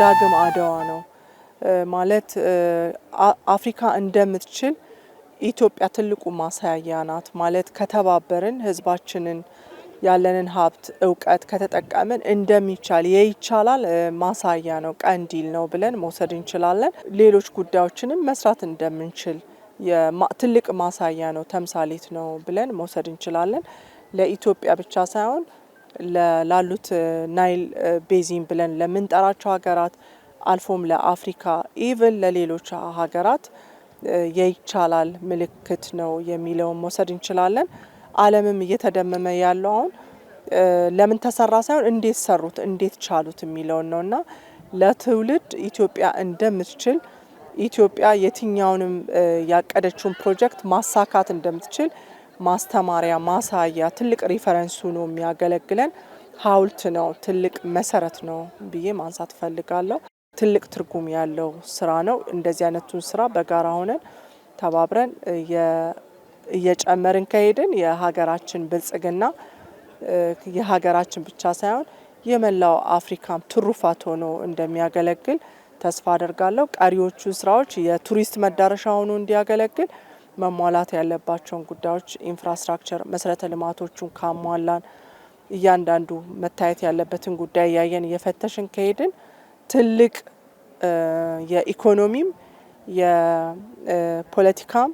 ዳግም አድዋ ነው ማለት አፍሪካ እንደምትችል ኢትዮጵያ ትልቁ ማሳያ ናት። ማለት ከተባበርን ህዝባችንን ያለንን ሀብት እውቀት ከተጠቀምን እንደሚቻል የይቻላል ማሳያ ነው፣ ቀንዲል ነው ብለን መውሰድ እንችላለን። ሌሎች ጉዳዮችንም መስራት እንደምንችል ትልቅ ማሳያ ነው፣ ተምሳሌት ነው ብለን መውሰድ እንችላለን። ለኢትዮጵያ ብቻ ሳይሆን ላሉት ናይል ቤዚን ብለን ለምንጠራቸው ሀገራት አልፎም ለአፍሪካ ኢቭን ለሌሎች ሀገራት የይቻላል ምልክት ነው የሚለውን መውሰድ እንችላለን። ዓለምም እየተደመመ ያለው አሁን ለምን ተሰራ ሳይሆን እንዴት ሰሩት፣ እንዴት ቻሉት የሚለውን ነው እና ለትውልድ ኢትዮጵያ እንደምትችል ኢትዮጵያ የትኛውንም ያቀደችውን ፕሮጀክት ማሳካት እንደምትችል ማስተማሪያ ማሳያ ትልቅ ሪፈረንሱ ነው የሚያገለግለን። ሀውልት ነው ትልቅ መሰረት ነው ብዬ ማንሳት ፈልጋለሁ ትልቅ ትርጉም ያለው ስራ ነው። እንደዚህ አይነቱን ስራ በጋራ ሆነን ተባብረን እየጨመርን ከሄድን የሀገራችን ብልጽግና የሀገራችን ብቻ ሳይሆን የመላው አፍሪካም ትሩፋት ሆኖ እንደሚያገለግል ተስፋ አደርጋለሁ። ቀሪዎቹ ስራዎች የቱሪስት መዳረሻ ሆኖ እንዲያገለግል መሟላት ያለባቸውን ጉዳዮች ኢንፍራስትራክቸር፣ መሰረተ ልማቶቹን ካሟላን እያንዳንዱ መታየት ያለበትን ጉዳይ እያየን እየፈተሽን ከሄድን ትልቅ የኢኮኖሚም የፖለቲካም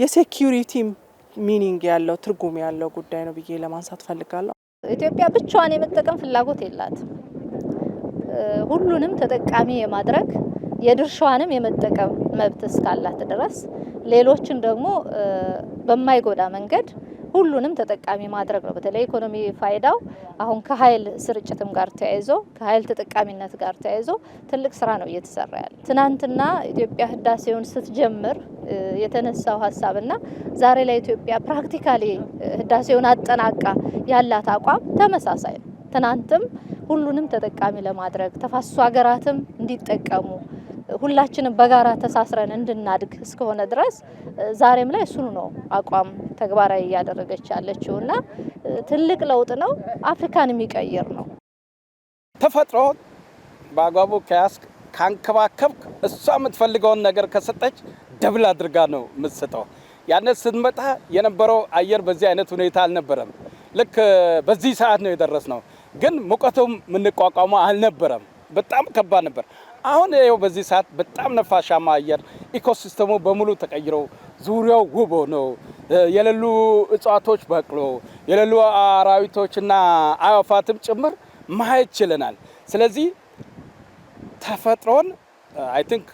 የሴኪሪቲም ሚኒንግ ያለው ትርጉም ያለው ጉዳይ ነው ብዬ ለማንሳት ፈልጋለሁ። ኢትዮጵያ ብቻዋን የመጠቀም ፍላጎት የላት ሁሉንም ተጠቃሚ የማድረግ የድርሻዋንም የመጠቀም መብት እስካላት ድረስ ሌሎችን ደግሞ በማይጎዳ መንገድ ሁሉንም ተጠቃሚ ማድረግ ነው። በተለይ ኢኮኖሚ ፋይዳው አሁን ከኃይል ስርጭትም ጋር ተያይዞ ከኃይል ተጠቃሚነት ጋር ተያይዞ ትልቅ ስራ ነው እየተሰራ ያለ። ትናንትና ኢትዮጵያ ህዳሴውን ስትጀምር የተነሳው ሀሳብና ዛሬ ላይ ኢትዮጵያ ፕራክቲካሊ ህዳሴውን አጠናቃ ያላት አቋም ተመሳሳይ ነው። ትናንትም ሁሉንም ተጠቃሚ ለማድረግ ተፋሰሱ ሀገራትም እንዲጠቀሙ ሁላችንም በጋራ ተሳስረን እንድናድግ እስከሆነ ድረስ ዛሬም ላይ እሱኑ ነው አቋም ተግባራዊ እያደረገች ያለችው እና ትልቅ ለውጥ ነው። አፍሪካን የሚቀይር ነው። ተፈጥሮ በአግባቡ ከያዝክ ካንከባከብ እሷ የምትፈልገውን ነገር ከሰጠች ደብል አድርጋ ነው የምትሰጠው። ያነ ስንመጣ የነበረው አየር በዚህ አይነት ሁኔታ አልነበረም። ልክ በዚህ ሰዓት ነው የደረስነው፣ ግን ሙቀቱም የምንቋቋመው አልነበረም። በጣም ከባድ ነበር። አሁን ይኸው በዚህ ሰዓት በጣም ነፋሻማ አየር ኢኮሲስተሙ በሙሉ ተቀይሮ ዙሪያው ውብ ሆኖ የሌሉ እጽዋቶች በቅሎ የሌሉ አራዊቶችና አዕዋፋትም ጭምር ማየት ችለናል። ስለዚህ ተፈጥሮን አይ ቲንክ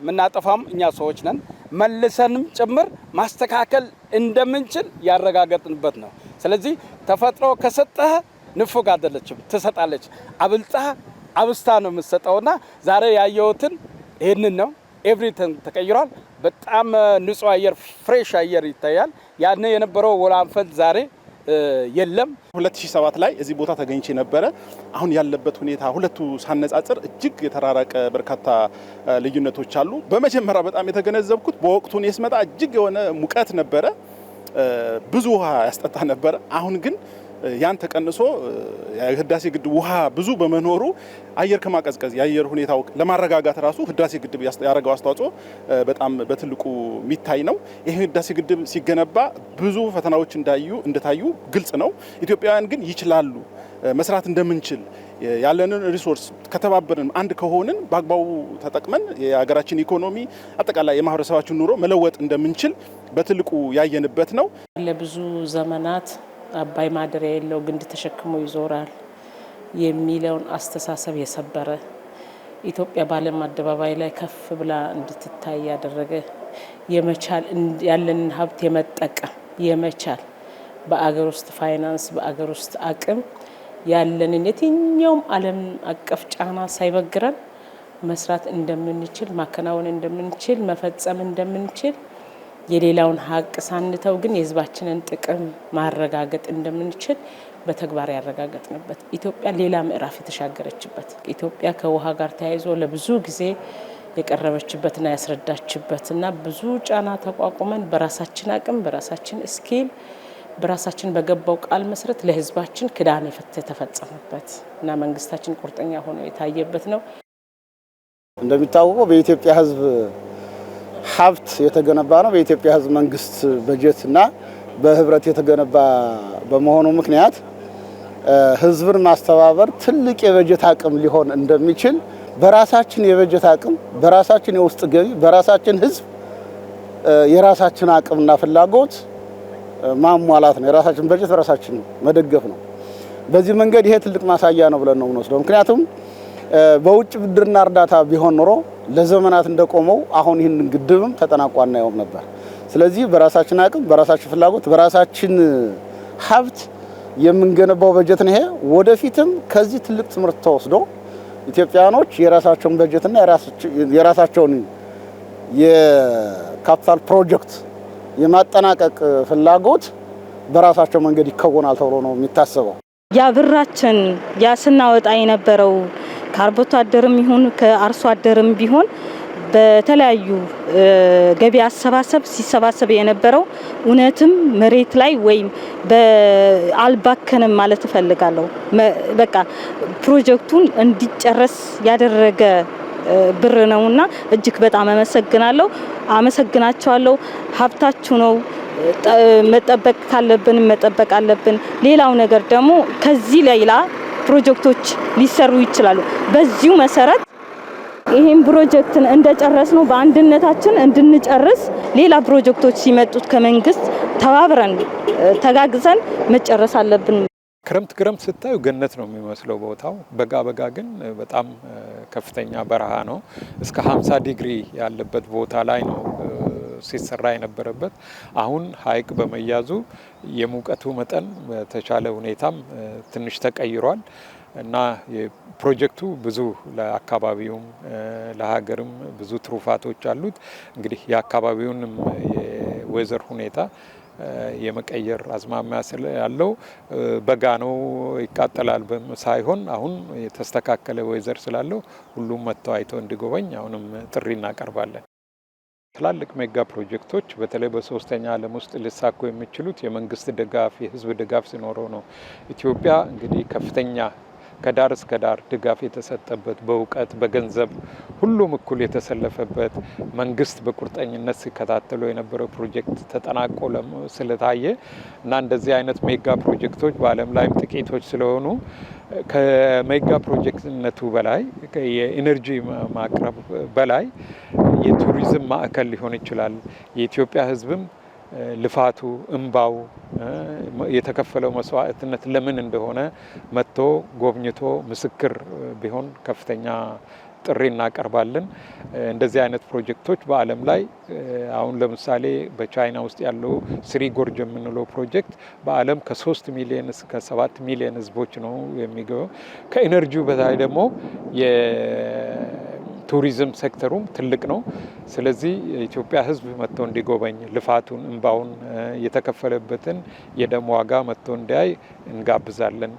የምናጠፋም እኛ ሰዎች ነን። መልሰንም ጭምር ማስተካከል እንደምንችል ያረጋገጥንበት ነው። ስለዚህ ተፈጥሮ ከሰጠህ ንፉግ አይደለችም፣ ትሰጣለች አብልጣ አብስታ ነው የምትሰጠውና ዛሬ ያየሁትን ይህንን ነው። ኤቭሪቲንግ ተቀይሯል። በጣም ንጹህ አየር ፍሬሽ አየር ይታያል። ያን የነበረው ወላንፈል ዛሬ የለም። 2007 ላይ እዚህ ቦታ ተገኝቼ ነበረ። አሁን ያለበት ሁኔታ ሁለቱ ሳነጻጽር እጅግ የተራራቀ በርካታ ልዩነቶች አሉ። በመጀመሪያ በጣም የተገነዘብኩት በወቅቱ እኔ ስመጣ እጅግ የሆነ ሙቀት ነበረ፣ ብዙ ውሃ ያስጠጣ ነበረ። አሁን ግን ያን ተቀንሶ ህዳሴ ግድብ ውሃ ብዙ በመኖሩ አየር ከማቀዝቀዝ የአየር ሁኔታው ለማረጋጋት ራሱ ህዳሴ ግድብ ያደረገው አስተዋጽኦ በጣም በትልቁ የሚታይ ነው። ይህ ህዳሴ ግድብ ሲገነባ ብዙ ፈተናዎች እንዳዩ እንደታዩ ግልጽ ነው። ኢትዮጵያውያን ግን ይችላሉ መስራት እንደምንችል ያለንን ሪሶርስ ከተባበርን አንድ ከሆንን በአግባቡ ተጠቅመን የሀገራችን ኢኮኖሚ አጠቃላይ የማህበረሰባችን ኑሮ መለወጥ እንደምንችል በትልቁ ያየንበት ነው። ለብዙ ዘመናት አባይ ማደሪያ የለው ግንድ ተሸክሞ ይዞራል የሚለውን አስተሳሰብ የሰበረ ኢትዮጵያ በዓለም አደባባይ ላይ ከፍ ብላ እንድትታይ ያደረገ የመቻል ያለንን ሀብት የመጠቀም የመቻል በአገር ውስጥ ፋይናንስ በአገር ውስጥ አቅም ያለንን የትኛውም ዓለም አቀፍ ጫና ሳይበግረን መስራት እንደምንችል ማከናወን እንደምንችል መፈጸም እንደምንችል የሌላውን ሀቅ ሳንተው ግን የህዝባችንን ጥቅም ማረጋገጥ እንደምንችል በተግባር ያረጋገጥንበት ኢትዮጵያ ሌላ ምዕራፍ የተሻገረችበት ኢትዮጵያ ከውሃ ጋር ተያይዞ ለብዙ ጊዜ የቀረበችበትና ያስረዳችበትና ብዙ ጫና ተቋቁመን በራሳችን አቅም በራሳችን እስኪል በራሳችን በገባው ቃል መሰረት ለህዝባችን ክዳን የተፈጸመበት እና መንግስታችን ቁርጠኛ ሆኖ የታየበት ነው። እንደሚታወቀው በኢትዮጵያ ህዝብ ። ሀብት የተገነባ ነው። በኢትዮጵያ ህዝብ መንግስት በጀት በህብረት የተገነባ በመሆኑ ምክንያት ህዝብን ማስተባበር ትልቅ የበጀት አቅም ሊሆን እንደሚችል በራሳችን የበጀት አቅም በራሳችን የውስጥ ገቢ በራሳችን ህዝብ የራሳችን አቅምና ፍላጎት ማሟላት ነው። የራሳችን በጀት በራሳችን መደገፍ ነው። በዚህ መንገድ ይሄ ትልቅ ማሳያ ነው ብለን ነው የምንወስደው። ምክንያቱም በውጭ ብድርና እርዳታ ቢሆን ኖሮ ለዘመናት እንደቆመው አሁን ይህንን ግድብም ተጠናቆ አናየውም ነበር። ስለዚህ በራሳችን አቅም፣ በራሳችን ፍላጎት፣ በራሳችን ሀብት የምንገነባው በጀት ነው። ይሄ ወደፊትም ከዚህ ትልቅ ትምህርት ተወስዶ ኢትዮጵያኖች የራሳቸውን በጀትና የራሳቸውን የካፒታል ፕሮጀክት የማጠናቀቅ ፍላጎት በራሳቸው መንገድ ይከወናል ተብሎ ነው የሚታሰበው። ያ ብራችን ያ ስናወጣ የነበረው ከአርብቶ አደርም ይሁን ከአርሶ አደርም ቢሆን በተለያዩ ገቢ አሰባሰብ ሲሰባሰብ የነበረው እውነትም መሬት ላይ ወይም አልባከንም ማለት እፈልጋለሁ። በቃ ፕሮጀክቱን እንዲጨረስ ያደረገ ብር ነውና እጅግ በጣም አመሰግናለሁ፣ አመሰግናቸዋለሁ። ሀብታችሁ ነው። መጠበቅ ካለብን መጠበቅ አለብን። ሌላው ነገር ደግሞ ከዚህ ሌላ ፕሮጀክቶች ሊሰሩ ይችላሉ። በዚሁ መሰረት ይህም ፕሮጀክትን እንደጨረስ ነው በአንድነታችን እንድንጨርስ ሌላ ፕሮጀክቶች ሲመጡት ከመንግስት ተባብረን ተጋግዘን መጨረስ አለብን። ክረምት ክረምት ስታዩ ገነት ነው የሚመስለው ቦታው። በጋ በጋ ግን በጣም ከፍተኛ በረሃ ነው። እስከ 50 ዲግሪ ያለበት ቦታ ላይ ነው ሲሰራ የነበረበት አሁን ሀይቅ በመያዙ የሙቀቱ መጠን በተቻለ ሁኔታም ትንሽ ተቀይሯል እና ፕሮጀክቱ ብዙ ለአካባቢውም ለሀገርም ብዙ ትሩፋቶች አሉት። እንግዲህ የአካባቢውንም የወይዘር ሁኔታ የመቀየር አዝማሚያ ስላለው በጋ ነው ይቃጠላል ሳይሆን አሁን የተስተካከለ ወይዘር ስላለው ሁሉም መጥተው አይቶ እንዲጎበኝ አሁንም ጥሪ እናቀርባለን። ትላልቅ ሜጋ ፕሮጀክቶች በተለይ በሶስተኛ ዓለም ውስጥ ሊሳኩ የሚችሉት የመንግስት ድጋፍ፣ የህዝብ ድጋፍ ሲኖረው ነው። ኢትዮጵያ እንግዲህ ከፍተኛ ከዳር እስከ ዳር ድጋፍ የተሰጠበት በእውቀት በገንዘብ ሁሉም እኩል የተሰለፈበት መንግስት በቁርጠኝነት ሲከታተሉ የነበረው ፕሮጀክት ተጠናቆ ስለታየ እና እንደዚህ አይነት ሜጋ ፕሮጀክቶች በዓለም ላይም ጥቂቶች ስለሆኑ ከሜጋ ፕሮጀክትነቱ በላይ የኢነርጂ ማቅረብ በላይ የቱሪ የቱሪዝም ማዕከል ሊሆን ይችላል። የኢትዮጵያ ሕዝብም ልፋቱ፣ እምባው፣ የተከፈለው መስዋዕትነት ለምን እንደሆነ መጥቶ ጎብኝቶ ምስክር ቢሆን ከፍተኛ ጥሪ እናቀርባለን። እንደዚህ አይነት ፕሮጀክቶች በዓለም ላይ አሁን ለምሳሌ በቻይና ውስጥ ያለው ስሪ ጎርጅ የምንለው ፕሮጀክት በዓለም ከሶስት ሚሊዮን እስከ ሰባት ሚሊዮን ህዝቦች ነው የሚገበው። ከኢነርጂው በታይ ደግሞ ቱሪዝም ሴክተሩም ትልቅ ነው። ስለዚህ የኢትዮጵያ ሕዝብ መጥቶ እንዲጎበኝ ልፋቱን፣ እንባውን የተከፈለበትን የደም ዋጋ መጥቶ እንዲያይ እንጋብዛለን።